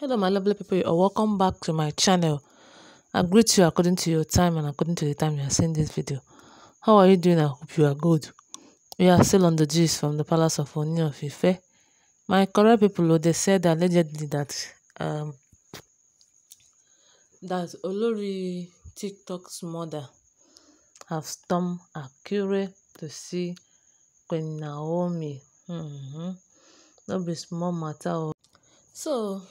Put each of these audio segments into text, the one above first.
Hello my lovely people, you're welcome back to my channel. I greet you according to your time and according to the time you are seeing this video. How are you doing? I hope you are good. We are still on the gist from the palace of Oni of Ife. My correct people, oh, they said allegedly that um, that Olori TikTok's mother have stormed Akure to see Queen Naomi. Mm -hmm. No be small matter. Oh. So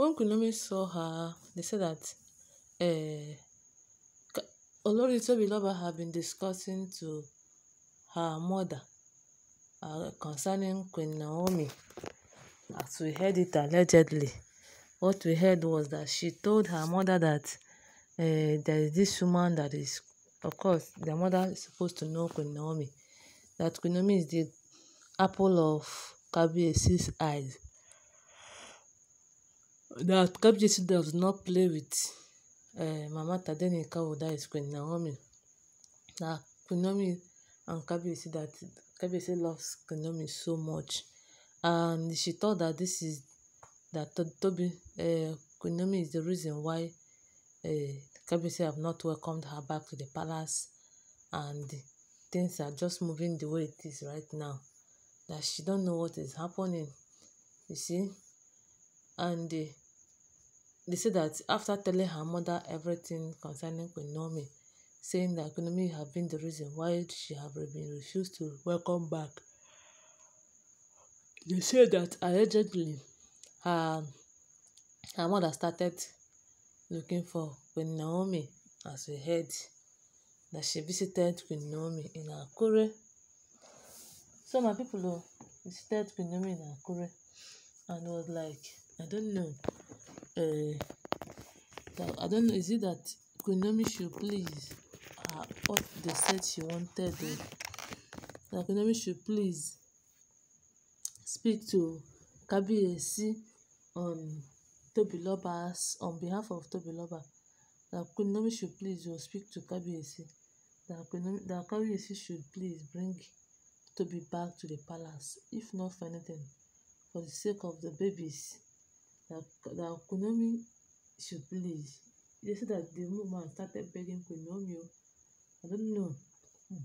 When Kunomi saw her, they said that uh, Olori Loba had been discussing to her mother uh, concerning Queen Naomi. As we heard it allegedly, what we heard was that she told her mother that uh, there is this woman that is, of course, the mother is supposed to know Queen Naomi, that Queen Naomi is the apple of Kabiesi's eyes that Kabiyesi does not play with uh, Mama Tadenikawo, that is Queen Naomi. That Queen Naomi and Kabiyesi, that Kabiyesi loves Queen Naomi so much. And she thought that this is, that Tobi, uh, eh, Queen Naomi is the reason why uh, eh, Kabiyesi have not welcomed her back to the palace and things are just moving the way it is right now. That she don't know what is happening, you see. And... Uh, They said that after telling her mother everything concerning Queen saying that Queen had been the reason why she had been refused to welcome back, they said that allegedly her, um, her mother started looking for Queen as a head. that she visited Queen in Akure. So my people oh, visited Queen in Akure and was like, I don't know. Eh, I don't know, is it that Queen should please her uh, what they said she wanted? That Queen should please speak to Kabiyesi on Toby Tobiloba's on behalf of Toby Tobiloba. That Queen should please or speak to Kabiyesi. That Queen that Kabiyesi should please bring Toby back to the palace, if not for anything, for the sake of the babies that, that Konami should please. They said that the woman started begging Konami. I don't know. Hmm.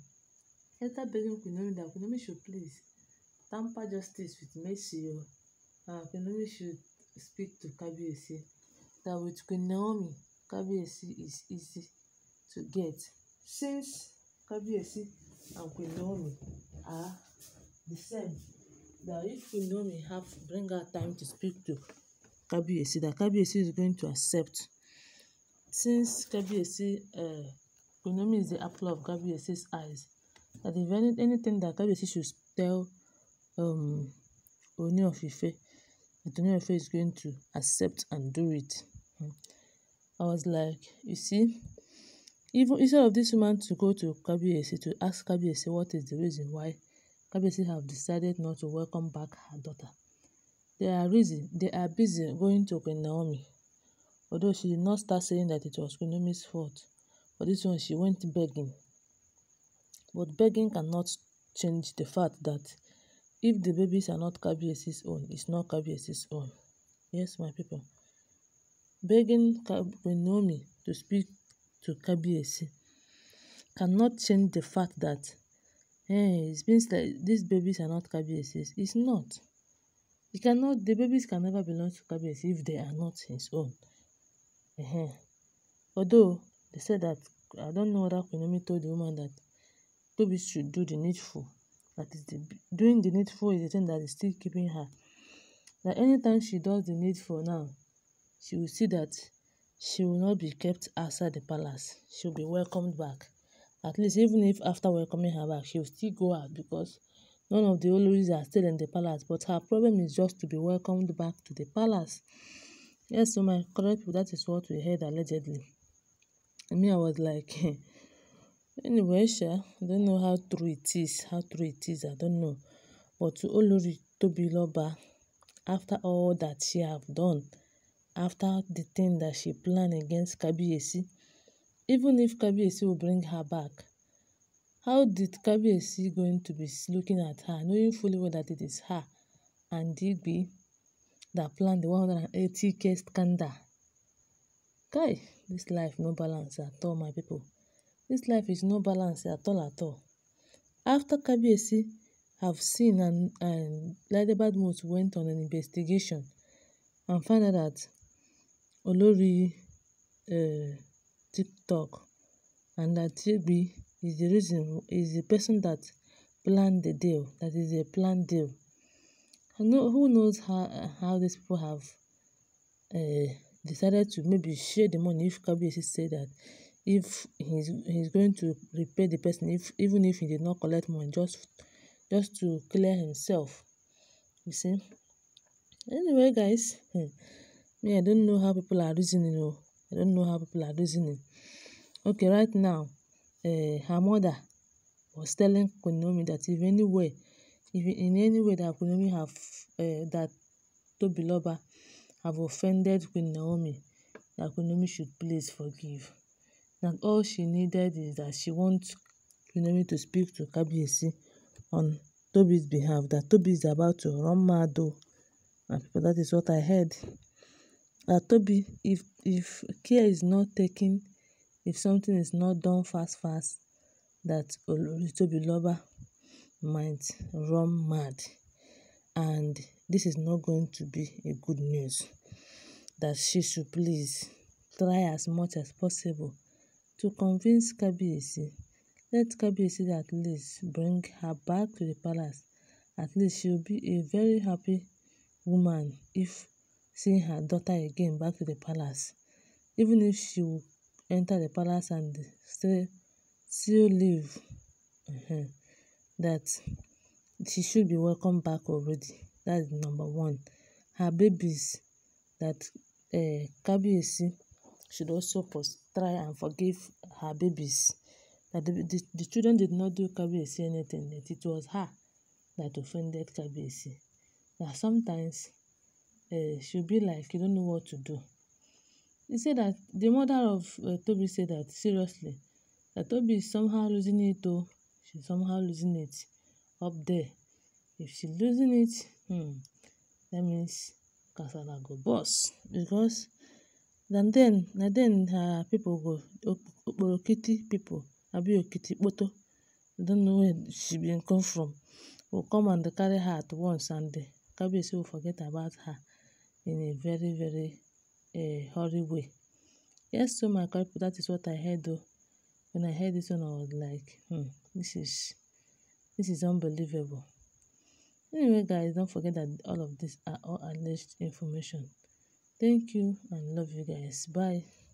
She started begging Konami that Konami should please tamper justice with mercy. Uh, ah, Konami should speak to KBC. that with Queen KBC is easy to get since KBC and Queen are the same. That if Queen have bring her time to speak to Kabiesi that Kabiesi is going to accept. Since Kabiesi, uh, Kunomi is the apple of Kabiesi's eyes, that if any, anything that Kabiesi should tell um, Oni of Ife, that Oni of Ife is going to accept and do it. Hmm. I was like, you see, even instead of this woman to go to Kabiesi to ask Kabiesi what is the reason why Kabiesi have decided not to welcome back her daughter. They are reason they are busy going to Queen Naomi. Although she did not start saying that it was Queen Naomi's fault, for this one she went begging. But begging cannot change the fact that if the babies are not Kabiesi's own, it's not Kabiesi's own. Yes, my people. Begging Queen Naomi to speak to Kabiesi cannot change the fact that hey, eh, it been that these babies are not Kabiesi's. It's not. He cannot, the babies can never belong to Kabiyesi if they are not his own. Uh-huh. Although they said that, I don't know whether Kunomi told the woman that Tobi should do the needful. That is, the, doing the needful is the thing that is still keeping her. That anytime she does the needful now, she will see that she will not be kept outside the palace. She will be welcomed back. At least, even if after welcoming her back, she will still go out because None of the Oloris are still in the palace, but her problem is just to be welcomed back to the palace. Yes, so my correct people, that is what we heard allegedly. I mean, I was like, anyway, sure, I don't know how true it is, how true it is, I don't know. But to Olori Tobiloba, after all that she have done, after the thing that she planned against Kabiesi, even if Kabiesi will bring her back, how did Kabiyesi going to be looking at her, knowing fully well that it is her and Digby that planned the 180k scandal? Guy, this life no balance at all, my people. This life is no balance at all at all. After Kabiyesi have seen and, and Lady Badmus went on an investigation and found out that Olori uh, eh, TikTok and that Digby is the reason is the person that planned the deal that is a planned deal and who knows how how these people have uh, decided to maybe share the money if kabiyesi said that if he's he's going to repay the person if even if he did not collect money just just to clear himself you see anyway guys hmm, me i don't know how people are reasoning oh i don't know how people are reasoning okay right now uh, her mother was telling Kunomi that if anywhere, if in any way that Kunomi have, uh, that Tobiloba have offended Queen Naomi, that Queen Naomi should please forgive. That all she needed is that she wants Queen Naomi to speak to Kabiyesi on Toby's behalf, that Toby is about to run mad though. And people, that is what I heard. That Toby, if if care is not taken if something is not done fast fast that Oloritobiloba might run mad and this is not going to be a good news that she should please try as much as possible to convince Kabiyesi. Let Kabiyesi at least bring her back to the palace. At least she'll be a very happy woman if seeing her daughter again back to the palace. Even if she will enter the palace and say still live that she should be welcome back already. That's number one. Her babies that uh, eh, Kabiyesi should also post, try and forgive her babies. That the, the, the children did not do Kabiyesi anything, that it was her that offended Kabiyesi. That sometimes uh, she'll be like, you don't know what to do. He said that the mother of uh, Toby said that, seriously, that Toby is somehow losing it though. she's somehow losing it up there. If she's losing it, hmm, that means Kasala go boss because then then then her uh, people go Okporokiti people, Abi Okiti Kpoto, I don't know where she been come from, will come and carry her at once and the Kabiyesi will forget about her in a very very a hurry way. Yes, so my correct that is what I heard though. When I heard this one, I was like, hmm, this is this is unbelievable. Anyway, guys, don't forget that all of these are all alleged information. Thank you and love you guys. Bye.